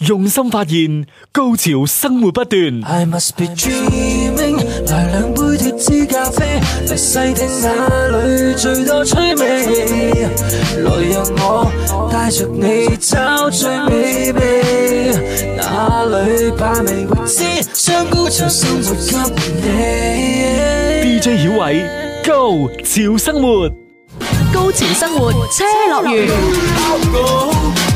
用心發現，高潮生活不斷。I must be dreaming，來兩杯脫脂咖啡，嚟細聽那裏最多趣味。來讓我帶着你找最美味，哪裏把味未知，將高潮生活給你。DJ 小偉，Go，潮生活，高潮生活車樂園。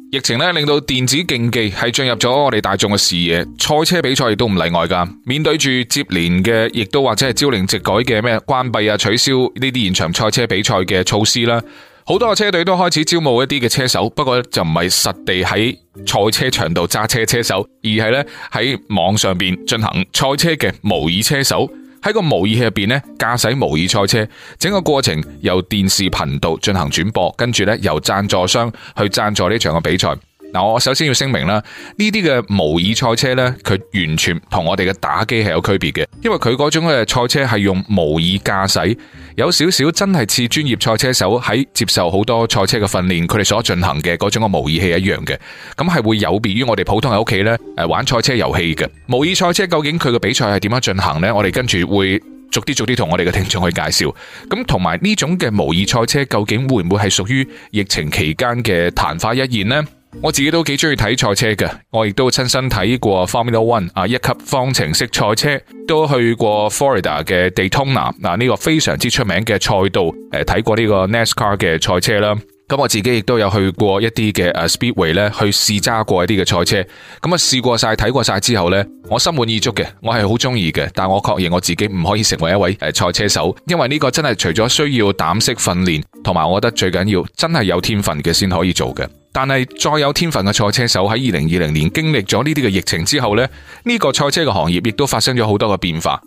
疫情令到電子競技係進入咗我哋大眾嘅視野，賽車比賽亦都唔例外噶。面對住接連嘅，亦都或者係朝令夕改嘅咩關閉啊、取消呢啲現場賽車比賽嘅措施啦，好多嘅車隊都開始招募一啲嘅車手，不過就唔係實地喺賽車場度揸車車手，而係呢喺網上邊進行賽車嘅模擬車手。喺個模擬器入面呢，駕駛模擬賽車，整個過程由電視頻道進行轉播，跟住呢，由贊助商去贊助呢場嘅比賽。嗱，我首先要聲明啦，呢啲嘅模擬賽車呢，佢完全同我哋嘅打機係有區別嘅，因為佢嗰種嘅賽車係用模擬駕駛，有少少真係似專業賽車手喺接受好多賽車嘅訓練，佢哋所進行嘅嗰種嘅模擬器一樣嘅，咁係會有別於我哋普通喺屋企呢誒玩賽車遊戲嘅。模擬賽車究竟佢嘅比賽係點樣進行呢？我哋跟住會逐啲逐啲同我哋嘅聽眾去介紹。咁同埋呢種嘅模擬賽車究竟會唔會係屬於疫情期間嘅曇花一現呢？.我自己都幾中意睇賽車嘅，我亦都親身睇過 Formula One 啊，一級方程式賽車都去過 Florida 嘅 Daytona 嗱，呢個非常之出名嘅賽道。誒，睇過呢個 NASCAR 嘅賽車啦。咁我自己亦都有去過一啲嘅誒 Speedway 咧，去試揸過一啲嘅賽車。咁啊，試過晒，睇過晒之後咧，我心滿意足嘅，我係好中意嘅。但我確認我自己唔可以成為一位誒賽車手，因為呢個真係除咗需要膽識訓練，同埋我覺得最緊要真係有天分嘅先可以做嘅。但係，再有天分嘅賽車手喺二零二零年經歷咗呢啲嘅疫情之後咧，呢個賽車嘅行業亦都發生咗好多嘅變化。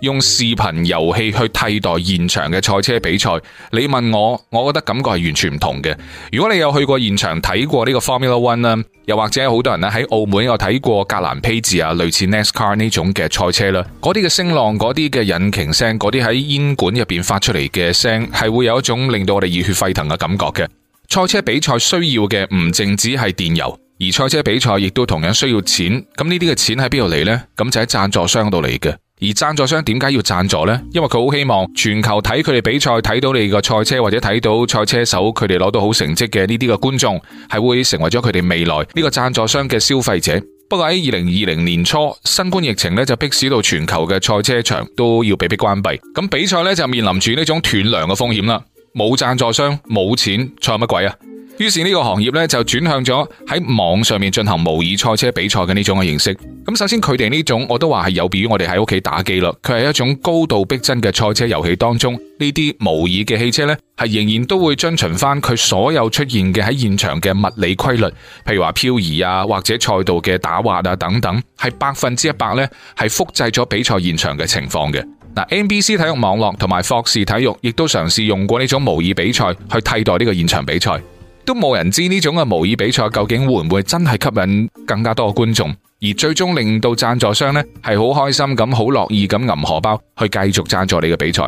用視頻遊戲去替代現場嘅賽車比賽，你問我，我覺得感覺係完全唔同嘅。如果你有去過現場睇過呢個 Formula One 啦，又或者好多人咧，喺澳門有睇過格蘭披治啊，類似 NASCAR 呢種嘅賽車啦，嗰啲嘅聲浪，嗰啲嘅引擎聲，嗰啲喺煙管入邊發出嚟嘅聲，係會有一種令到我哋熱血沸騰嘅感覺嘅。賽車比賽需要嘅唔淨止係電油，而賽車比賽亦都同樣需要錢。咁呢啲嘅錢喺邊度嚟呢？咁就喺嗰贊助商度嚟嘅。而贊助商點解要贊助呢？因為佢好希望全球睇佢哋比賽，睇到你個賽車或者睇到賽車手，佢哋攞到好成績嘅呢啲嘅觀眾，係會成為咗佢哋未來呢個贊助商嘅消費者。不過喺二零二零年初，新冠疫情呢，就迫使到全球嘅賽車場都要被迫關閉，咁比賽咧就面臨住呢種斷糧嘅風險啦。冇贊助商，冇錢，賽乜鬼啊！於是呢個行業咧就轉向咗喺網上面進行模擬賽車比賽嘅呢種嘅形式。咁首先佢哋呢種，我都話係有別於我哋喺屋企打機咯。佢係一種高度逼真嘅賽車遊戲當中，呢啲模擬嘅汽車咧，係仍然都會遵循翻佢所有出現嘅喺現場嘅物理規律，譬如話漂移啊，或者賽道嘅打滑啊等等，係百分之一百咧係複製咗比賽現場嘅情況嘅。NBC 體育網絡同埋霍士體育亦都嘗試用過呢種模擬比賽去替代呢個現場比賽，都冇人知呢種嘅模擬比賽究竟會唔會真係吸引更加多嘅觀眾，而最終令到贊助商呢係好開心咁，好樂意咁揞荷包去繼續贊助你嘅比賽。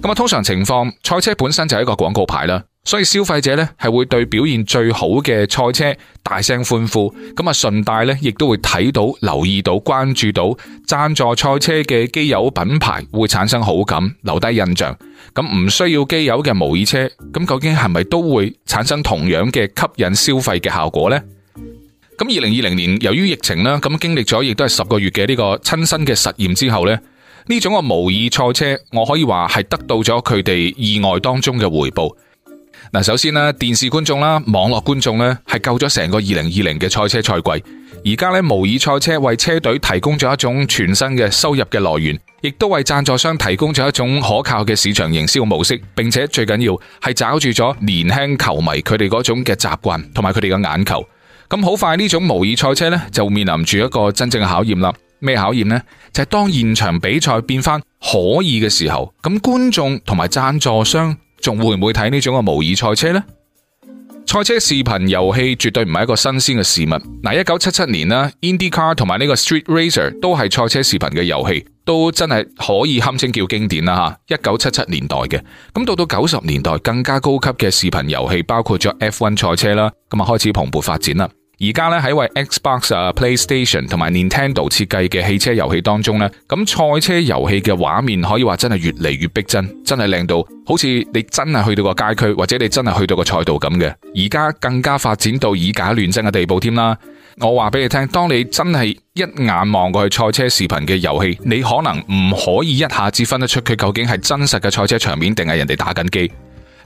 咁啊，通常情況，賽車本身就係一個廣告牌啦。所以消費者咧，係會對表現最好嘅賽車大聲歡呼，咁啊順帶咧亦都會睇到、留意到、關注到贊助賽車嘅機油品牌會產生好感，留低印象。咁唔需要機油嘅模擬車，咁究竟係咪都會產生同樣嘅吸引消費嘅效果呢？咁二零二零年由於疫情啦，咁經歷咗亦都係十個月嘅呢個親身嘅實驗之後呢，呢種個模擬賽車，我可以話係得到咗佢哋意外當中嘅回報。嗱，首先咧，電視觀眾啦，網絡觀眾咧，係救咗成個二零二零嘅賽車賽季。而家咧，模擬賽車為車隊提供咗一種全新嘅收入嘅來源，亦都為贊助商提供咗一種可靠嘅市場營銷模式，並且最緊要係找住咗年輕球迷佢哋嗰種嘅習慣同埋佢哋嘅眼球。咁好快呢種模擬賽車咧，就面臨住一個真正嘅考驗啦。咩考驗呢？就係當現場比賽變翻可以嘅時候，咁觀眾同埋贊助商。仲會唔會睇呢種嘅模擬賽車呢？賽車視頻遊戲絕對唔係一個新鮮嘅事物。嗱，一九七七年啦，Indy Car 同埋呢個 Street Racer 都係賽車視頻嘅遊戲，都真係可以堪稱叫經典啦吓。一九七七年代嘅咁，到到九十年代更加高級嘅視頻遊戲，包括咗 F1 賽車啦，咁啊開始蓬勃發展啦。而家咧喺為 Xbox 啊、PlayStation 同埋 Nintendo 設計嘅汽車遊戲當中咧，咁賽車遊戲嘅畫面可以話真係越嚟越逼真，真係靚到好似你真係去到個街區，或者你真係去到個賽道咁嘅。而家更加發展到以假亂真嘅地步添啦。我話俾你聽，當你真係一眼望過去賽車視頻嘅遊戲，你可能唔可以一下子分得出佢究竟係真實嘅賽車場面定係人哋打緊機。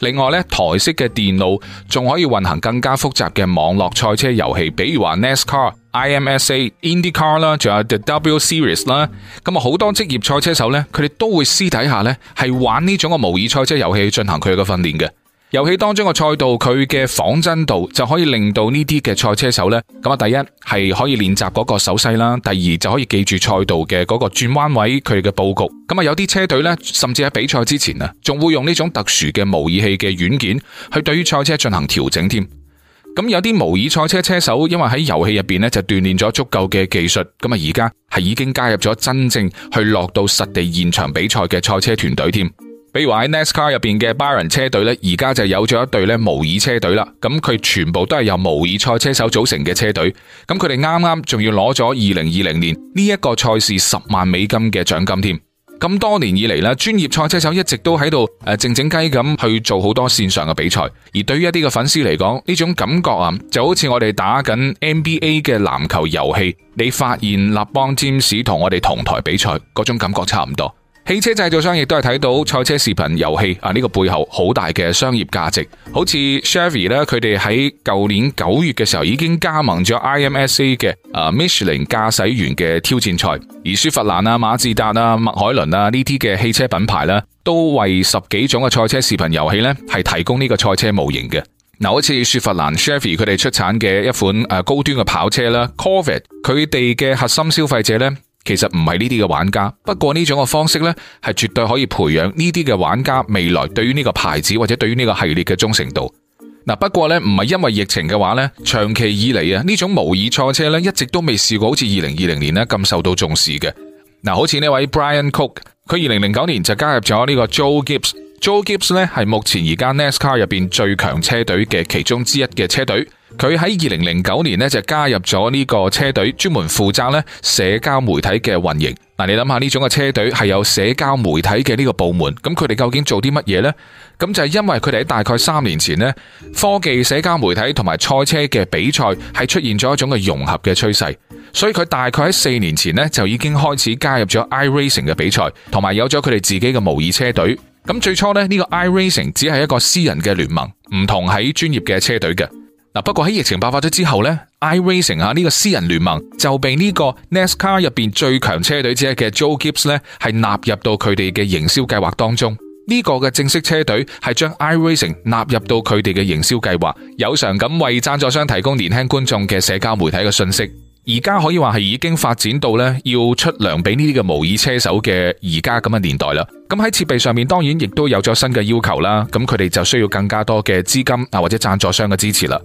另外咧，檯式嘅電腦仲可以運行更加複雜嘅網絡賽車遊戲，比如話 NASCAR、IMSA、IndyCar 啦，仲有 The W Series 啦。咁啊，好多職業賽車手咧，佢哋都會私底下咧係玩呢種個模擬賽車遊戲進行佢嘅訓練嘅。遊戲當中嘅賽道，佢嘅仿真度就可以令到呢啲嘅賽車手呢。咁啊，第一係可以練習嗰個手勢啦，第二就可以記住賽道嘅嗰個轉彎位佢嘅布局。咁、嗯、啊，有啲車隊呢，甚至喺比賽之前啊，仲會用呢種特殊嘅模擬器嘅軟件去對於賽車進行調整添。咁、嗯、有啲模擬賽車車手，因為喺遊戲入邊呢，就鍛煉咗足夠嘅技術，咁啊而家係已經加入咗真正去落到實地現場比賽嘅賽車團隊添。嗯比如話喺 NASCAR 入邊嘅 Baron 車隊咧，而家就有咗一隊咧模擬車隊啦。咁佢全部都係由模擬賽車手組成嘅車隊。咁佢哋啱啱仲要攞咗二零二零年呢一個賽事十萬美金嘅獎金添。咁多年以嚟咧，專業賽車手一直都喺度誒靜靜雞咁去做好多線上嘅比賽。而對於一啲嘅粉絲嚟講，呢種感覺啊，就好似我哋打緊 NBA 嘅籃球遊戲，你發現立邦占士同我哋同台比賽嗰種感覺差唔多。汽車製造商亦都係睇到賽車視頻遊戲啊呢個背後好大嘅商業價值，好似 Chevy 咧，佢哋喺舊年九月嘅時候已經加盟咗 IMSA 嘅啊 Michelin 駕駛員嘅挑戰賽，而雪佛蘭啊、馬自達啊、邁凱輪啊呢啲嘅汽車品牌咧，都為十幾種嘅賽車視頻遊戲咧係提供呢個賽車模型嘅。嗱，好似雪佛蘭 Chevy 佢哋出產嘅一款誒高端嘅跑車啦，Corvette，佢哋嘅核心消費者咧。其實唔係呢啲嘅玩家，不過呢種嘅方式呢，係絕對可以培養呢啲嘅玩家未來對於呢個牌子或者對於呢個系列嘅忠誠度。嗱，不過呢，唔係因為疫情嘅話呢，長期以嚟啊呢種模擬賽車呢，一直都未試過好似二零二零年呢咁受到重視嘅。嗱，好似呢位 Brian Cook，佢二零零九年就加入咗呢個 Joe Gibbs，Joe Gibbs 呢，係目前而家 NASCAR 入邊最強車隊嘅其中之一嘅車隊。佢喺二零零九年呢，就加入咗呢個車隊，專門負責呢社交媒體嘅運營。嗱，你諗下呢種嘅車隊係有社交媒體嘅呢個部門，咁佢哋究竟做啲乜嘢呢？咁就係因為佢哋喺大概三年前呢，科技、社交媒體同埋賽車嘅比賽係出現咗一種嘅融合嘅趨勢，所以佢大概喺四年前呢，就已經開始加入咗 iRacing 嘅比賽，同埋有咗佢哋自己嘅模擬車隊。咁最初呢，呢個 iRacing 只係一個私人嘅聯盟，唔同喺專業嘅車隊嘅。嗱，不過喺疫情爆發咗之後咧，iRacing 吓呢個私人聯盟就被呢個 NASCAR 入邊最強車隊之一嘅 Joe Gibbs 咧係納入到佢哋嘅營銷計劃當中。呢個嘅正式車隊係將 iRacing 納入到佢哋嘅營銷計劃，有償咁為讚助商提供年輕觀眾嘅社交媒體嘅信息。而家可以話係已經發展到咧要出糧俾呢啲嘅模擬車手嘅而家咁嘅年代啦。咁喺設備上面當然亦都有咗新嘅要求啦。咁佢哋就需要更加多嘅資金啊或者讚助商嘅支持啦。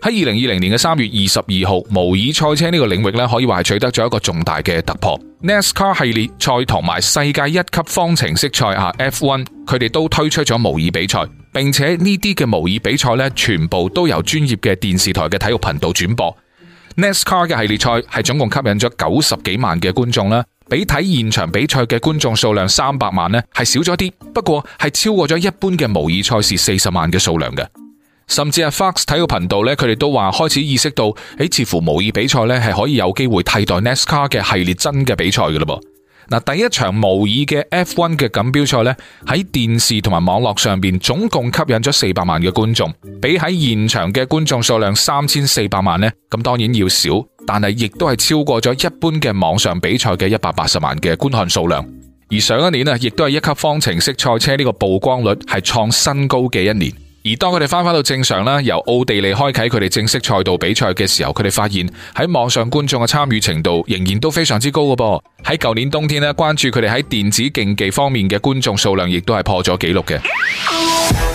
喺二零二零年嘅三月二十二號，模擬賽車呢個領域咧，可以話係取得咗一個重大嘅突破。NASCAR 系列賽同埋世界一級方程式賽啊，F1，佢哋都推出咗模擬比賽，並且呢啲嘅模擬比賽咧，全部都由專業嘅電視台嘅體育頻道轉播。NASCAR 嘅系列賽係總共吸引咗九十幾萬嘅觀眾啦，比睇現場比賽嘅觀眾數量三百萬呢，係少咗啲，不過係超過咗一般嘅模擬賽事四十萬嘅數量嘅。甚至係 Fox 體育頻道咧，佢哋都話開始意識到，誒，似乎模擬比賽咧係可以有機會替代 NASCAR 嘅系列真嘅比賽㗎喇噃。嗱，第一場模擬嘅 F1 嘅錦標賽咧，喺電視同埋網絡上邊總共吸引咗四百萬嘅觀眾，比喺現場嘅觀眾數量三千四百萬咧，咁當然要少，但係亦都係超過咗一般嘅網上比賽嘅一百八十萬嘅觀看數量。而上一年啊，亦都係一級方程式賽車呢個曝光率係創新高嘅一年。而當佢哋翻返到正常啦，由奧地利開啟佢哋正式賽道比賽嘅時候，佢哋發現喺網上觀眾嘅參與程度仍然都非常之高嘅噃。喺舊年冬天咧，關注佢哋喺電子競技方面嘅觀眾數量，亦都係破咗紀錄嘅。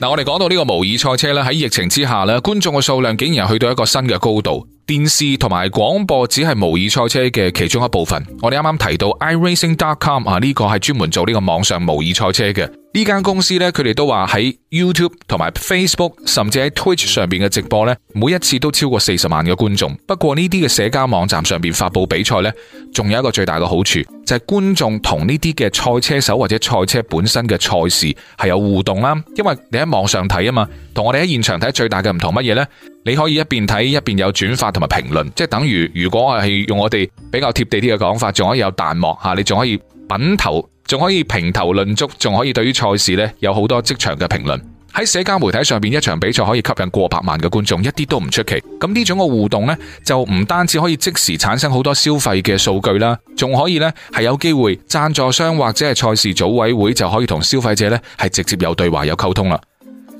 嗱，我哋講到呢個模擬賽車咧，喺疫情之下咧，觀眾嘅數量竟然去到一個新嘅高度。電視同埋廣播只係模擬賽車嘅其中一部分。我哋啱啱提到 iRacing.com 啊，呢個係專門做呢個網上模擬賽車嘅。呢間公司呢，佢哋都話喺 YouTube 同埋 Facebook，甚至喺 Twitch 上邊嘅直播呢，每一次都超過四十萬嘅觀眾。不過呢啲嘅社交網站上邊發佈比賽呢，仲有一個最大嘅好處就係觀眾同呢啲嘅賽車手或者賽車本身嘅賽事係有互動啦。因為你喺網上睇啊嘛，同我哋喺現場睇最大嘅唔同乜嘢呢？你可以一邊睇一邊有轉發同埋評論，即係等於如果我係用我哋比較貼地啲嘅講法，仲可以有彈幕吓，你仲可以品頭。仲可以評頭論足，仲可以對於賽事呢，有好多職場嘅評論。喺社交媒體上邊，一場比賽可以吸引過百萬嘅觀眾，一啲都唔出奇。咁呢種嘅互動呢，就唔單止可以即時產生好多消費嘅數據啦，仲可以呢係有機會贊助商或者係賽事組委會就可以同消費者呢係直接有對話有溝通啦。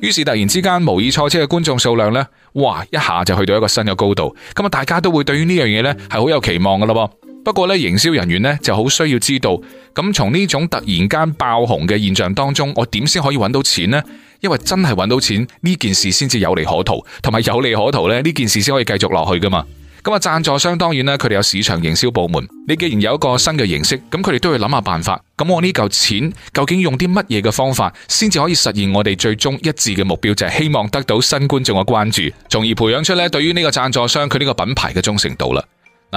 於是突然之間模擬賽車嘅觀眾數量呢，哇一下就去到一個新嘅高度。咁大家都會對於呢樣嘢呢，係好有期望噶咯。不過咧，營銷人員咧就好需要知道，咁從呢種突然間爆紅嘅現象當中，我點先可以揾到錢呢？因為真係揾到錢呢件事先至有利可圖，同埋有利可圖咧呢件事先可以繼續落去噶嘛。咁啊，贊助商當然啦，佢哋有市場營銷部門。你既然有一個新嘅形式，咁佢哋都要諗下辦法。咁我呢嚿錢究竟用啲乜嘢嘅方法，先至可以實現我哋最終一致嘅目標，就係希望得到新觀眾嘅關注，從而培養出咧對於呢個贊助商佢呢個品牌嘅忠誠度啦。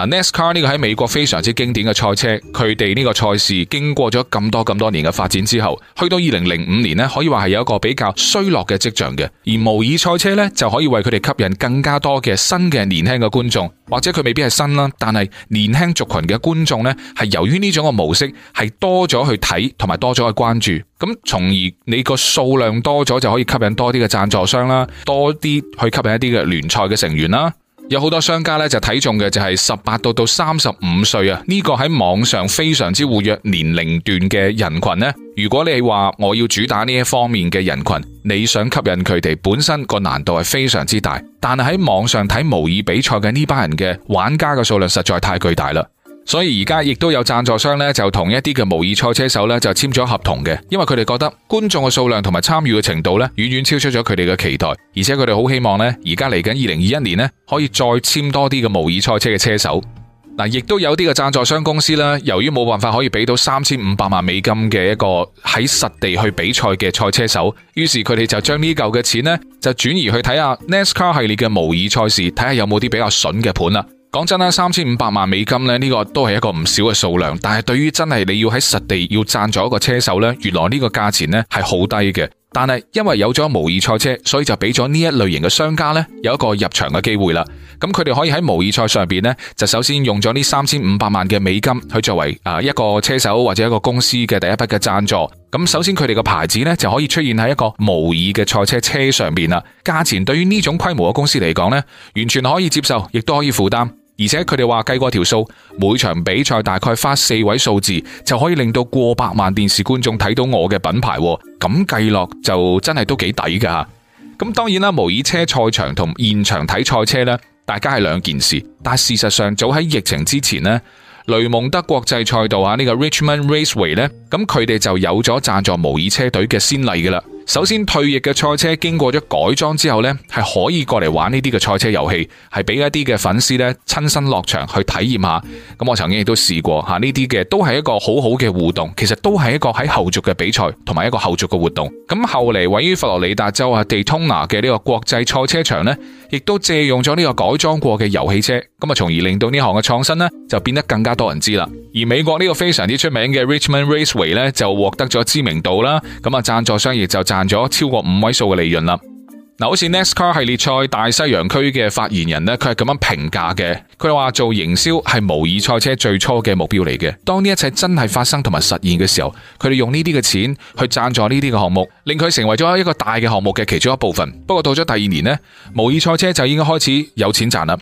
NASCAR 呢個喺美國非常之經典嘅賽車，佢哋呢個賽事經過咗咁多咁多年嘅發展之後，去到二零零五年呢，可以話係有一個比較衰落嘅跡象嘅。而模擬賽車呢，就可以為佢哋吸引更加多嘅新嘅年輕嘅觀眾，或者佢未必係新啦，但係年輕族群嘅觀眾呢，係由於呢種嘅模式係多咗去睇同埋多咗去關注，咁從而你個數量多咗就可以吸引多啲嘅贊助商啦，多啲去吸引一啲嘅聯賽嘅成員啦。有好多商家呢，就睇中嘅就係十八到到三十五歲啊，呢個喺網上非常之活躍年齡段嘅人群呢。如果你話我要主打呢一方面嘅人群，你想吸引佢哋本身個難度係非常之大，但係喺網上睇模擬比賽嘅呢班人嘅玩家嘅數量實在太巨大啦。所以而家亦都有贊助商咧，就同一啲嘅模擬賽車手咧，就簽咗合同嘅。因為佢哋覺得觀眾嘅數量同埋參與嘅程度咧，遠遠超出咗佢哋嘅期待，而且佢哋好希望咧，而家嚟緊二零二一年咧，可以再簽多啲嘅模擬賽車嘅車手。嗱，亦都有啲嘅贊助商公司咧，由於冇辦法可以俾到三千五百萬美金嘅一個喺實地去比賽嘅賽車手，於是佢哋就將呢嚿嘅錢呢，就轉移去睇下 NASCAR 系列嘅模擬賽事，睇下有冇啲比較笋嘅盤啦。講真啦，三千五百萬美金咧，呢個都係一個唔少嘅數量。但係對於真係你要喺實地要贊助一個車手呢，原來呢個價錢呢係好低嘅。但係因為有咗模擬賽車，所以就俾咗呢一類型嘅商家呢，有一個入場嘅機會啦。咁佢哋可以喺模擬賽上邊呢，就首先用咗呢三千五百萬嘅美金去作為啊一個車手或者一個公司嘅第一筆嘅贊助。咁首先佢哋嘅牌子呢就可以出現喺一個模擬嘅賽車車上邊啦。價錢對於呢種規模嘅公司嚟講呢，完全可以接受，亦都可以負擔。而且佢哋話計過條數，每場比賽大概花四位數字就可以令到過百萬電視觀眾睇到我嘅品牌，咁計落就真係都幾抵噶。咁當然啦，模擬車賽場同現場睇賽車呢，大家係兩件事。但事實上早喺疫情之前呢，雷蒙德國際賽道啊，呢個 Richmond Raceway 呢，咁佢哋就有咗贊助模擬車隊嘅先例噶啦。首先退役嘅賽車經過咗改裝之後呢，係可以過嚟玩呢啲嘅賽車遊戲，係俾一啲嘅粉絲呢親身落場去體驗下。咁我曾經亦、啊、都試過吓呢啲嘅，都係一個好好嘅互動，其實都係一個喺後續嘅比賽同埋一個後續嘅活動。咁後嚟位於佛羅里達州啊地通拿嘅呢個國際賽車場呢，亦都借用咗呢個改裝過嘅遊戲車，咁啊，從而令到呢項嘅創新呢就變得更加多人知啦。而美國呢個非常之出名嘅 Richmond Raceway 呢，就獲得咗知名度啦。咁啊，贊助商業就賺咗超過五位數嘅利潤啦！嗱，好似 NASCAR 系列賽大西洋區嘅發言人咧，佢係咁樣評價嘅：佢話做營銷係模擬賽車最初嘅目標嚟嘅。當呢一切真係發生同埋實現嘅時候，佢哋用呢啲嘅錢去贊助呢啲嘅項目，令佢成為咗一個大嘅項目嘅其中一部分。不過到咗第二年呢，模擬賽車就已經開始有錢賺啦。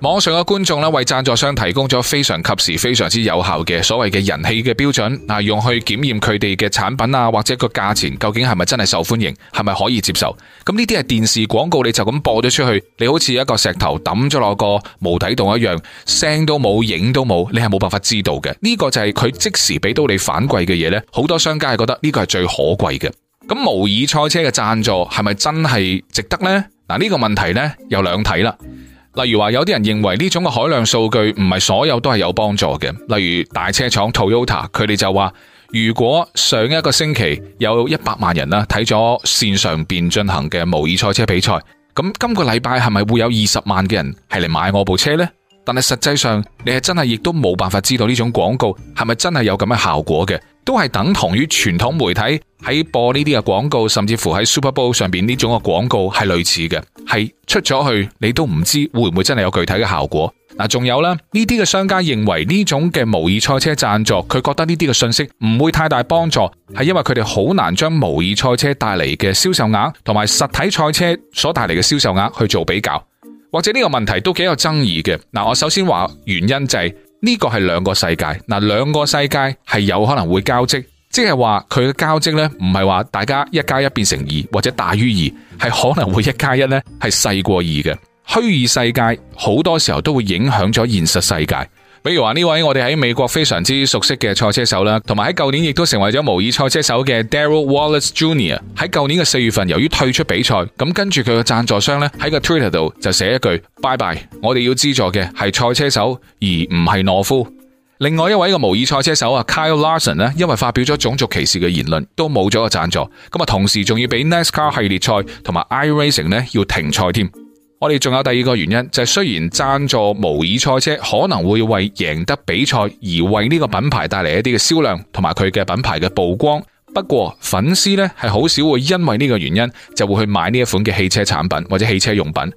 網上嘅觀眾咧，為讚助商提供咗非常及時、非常之有效嘅所謂嘅人氣嘅標準，啊，用去檢驗佢哋嘅產品啊，或者個價錢究竟係咪真係受歡迎，係咪可以接受？咁呢啲係電視廣告，你就咁播咗出去，你好似一個石頭抌咗落個無底洞一樣，聲都冇，影都冇，你係冇辦法知道嘅。呢、這個就係佢即時俾到你反饋嘅嘢咧。好多商家係覺得呢個係最可貴嘅。咁模擬賽車嘅讚助係咪真係值得呢？嗱，呢個問題呢，有兩睇啦。例如話，有啲人認為呢種嘅海量數據唔係所有都係有幫助嘅。例如大車廠 Toyota，佢哋就話，如果上一個星期有一百萬人啦睇咗線上邊進行嘅模擬賽車比賽，咁今個禮拜係咪會有二十萬嘅人係嚟買我部車呢？但係實際上你係真係亦都冇辦法知道呢種廣告係咪真係有咁嘅效果嘅，都係等同於傳統媒體。喺播呢啲嘅廣告，甚至乎喺 Super Bowl 上邊呢種嘅廣告係類似嘅，係出咗去你都唔知會唔會真係有具體嘅效果。嗱，仲有啦，呢啲嘅商家認為呢種嘅模擬賽車贊助，佢覺得呢啲嘅信息唔會太大幫助，係因為佢哋好難將模擬賽車帶嚟嘅銷售額同埋實體賽車所帶嚟嘅銷售額去做比較，或者呢個問題都幾有爭議嘅。嗱，我首先話原因就係呢個係兩個世界，嗱兩個世界係有可能會交織。即係話佢嘅交織呢，唔係話大家一加一變成二或者大於二，係可能會一加一呢係細過二嘅。虛擬世界好多時候都會影響咗現實世界。比如話呢位我哋喺美國非常之熟悉嘅賽車手啦，同埋喺舊年亦都成為咗模擬賽車手嘅 Darryl Wallace Junior。喺舊年嘅四月份，由於退出比賽，咁跟住佢嘅贊助商呢，喺個 Twitter 度就寫一句：拜拜，我哋要資助嘅係賽車手，而唔係懦夫。另外一位嘅模擬賽車手啊，Kyle Larson 呢因為發表咗種族歧視嘅言論，都冇咗個贊助。咁啊，同時仲要俾 NASCAR 系列賽同埋 iRacing 呢要停賽添。我哋仲有第二個原因就係，雖然贊助模擬賽車可能會為贏得比賽而為呢個品牌帶嚟一啲嘅銷量同埋佢嘅品牌嘅曝光，不過粉絲呢係好少會因為呢個原因就會去買呢一款嘅汽車產品或者汽車用品。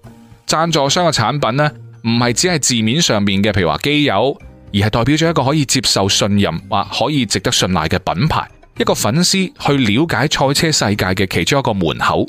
贊助商嘅產品呢，唔係只係字面上面嘅，譬如話機油。而係代表咗一個可以接受信任或可以值得信賴嘅品牌，一個粉絲去了解賽車世界嘅其中一個門口。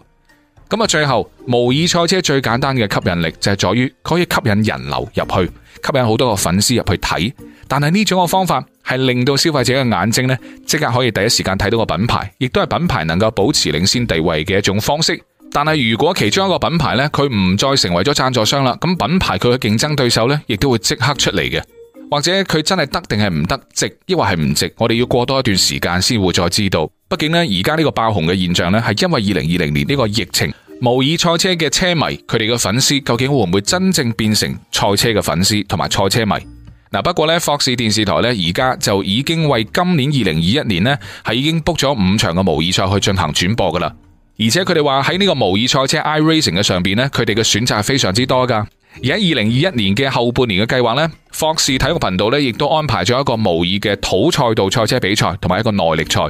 咁啊，最後模擬賽車最簡單嘅吸引力就係在於可以吸引人流入去，吸引好多個粉絲入去睇。但係呢種個方法係令到消費者嘅眼睛呢，即刻可以第一時間睇到個品牌，亦都係品牌能夠保持領先地位嘅一種方式。但係如果其中一個品牌呢，佢唔再成為咗贊助商啦，咁品牌佢嘅競爭對手呢，亦都會即刻出嚟嘅。或者佢真係得定係唔得，值抑或係唔值，我哋要過多一段時間先會再知道。畢竟咧，而家呢個爆紅嘅現象呢係因為二零二零年呢個疫情模擬賽車嘅車迷，佢哋嘅粉絲究竟會唔會真正變成賽車嘅粉絲同埋賽車迷？嗱，不過呢，霍士電視台呢，而家就已經為今年二零二一年呢係已經 book 咗五場嘅模擬賽去進行轉播噶啦，而且佢哋話喺呢個模擬賽車 iRacing 嘅上邊呢，佢哋嘅選擇係非常之多噶。而喺二零二一年嘅後半年嘅計劃呢，霍士體育頻道呢亦都安排咗一個模擬嘅土賽道賽車比賽，同埋一個耐力賽。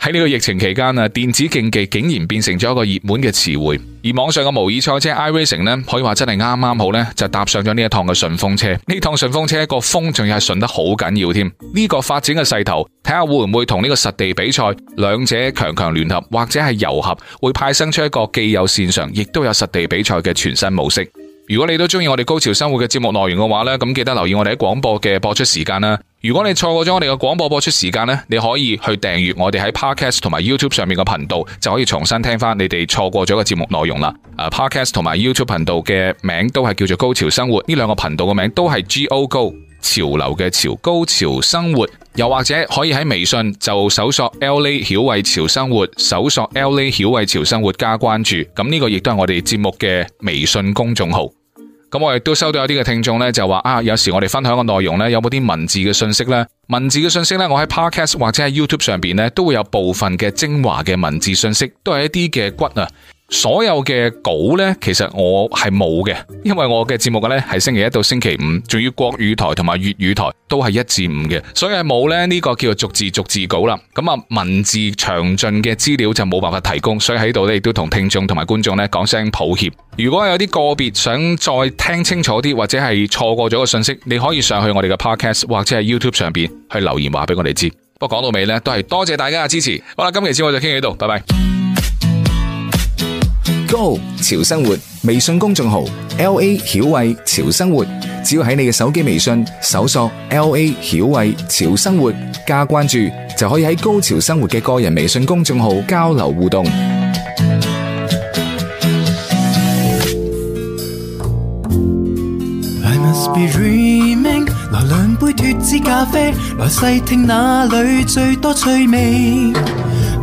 喺呢個疫情期間啊，電子競技竟然變成咗一個熱門嘅詞彙，而網上嘅模擬賽車 iRacing 呢，可以話真係啱啱好呢，就搭上咗呢一趟嘅順風車。呢趟順風車個風仲要係順得好緊要添。呢個發展嘅勢頭，睇下會唔會同呢個實地比賽兩者強強聯合，或者係糅合，會派生出一個既有線上，亦都有實地比賽嘅全新模式。如果你都中意我哋高潮生活嘅節目內容嘅話呢咁記得留意我哋喺廣播嘅播出時間啦。如果你錯過咗我哋嘅廣播播出時間呢，你可以去訂閱我哋喺 Podcast 同埋 YouTube 上面嘅頻道，就可以重新聽翻你哋錯過咗嘅節目內容啦。誒、啊，Podcast 同埋 YouTube 頻道嘅名都係叫做《高潮生活》，呢兩個頻道嘅名都係 G O 高潮流嘅潮高潮生活，又或者可以喺微信就搜索 L A 曉慧潮生活，搜索 L A 曉慧潮生活加關注，咁呢個亦都係我哋節目嘅微信公眾號。咁我亦都收到有啲嘅聽眾呢，就話啊，有時我哋分享嘅內容呢，有冇啲文字嘅信息呢？文字嘅信息呢，我喺 Podcast 或者喺 YouTube 上邊呢，都會有部分嘅精華嘅文字信息，都係一啲嘅骨啊。所有嘅稿呢，其實我係冇嘅，因為我嘅節目呢係星期一到星期五，仲要國語台同埋粵語台都係一至五嘅，所以係冇咧呢、呢個叫做逐字逐字稿啦。咁啊，文字詳盡嘅資料就冇辦法提供，所以喺度呢亦都同聽眾同埋觀眾呢講聲抱歉。如果有啲個別想再聽清楚啲，或者係錯過咗個信息，你可以上去我哋嘅 podcast 或者係 YouTube 上邊去留言話俾我哋知。不過講到尾呢，都係多謝大家嘅支持。好啦，今期先我就傾到度，拜拜。Go 潮生活微信公眾號 L A 曉慧潮生活，只要喺你嘅手機微信搜索 L A 曉慧潮生活加關注，就可以喺高潮生活嘅個人微信公眾號交流互動。來兩杯脫脂咖啡，來細聽那裏最多趣味。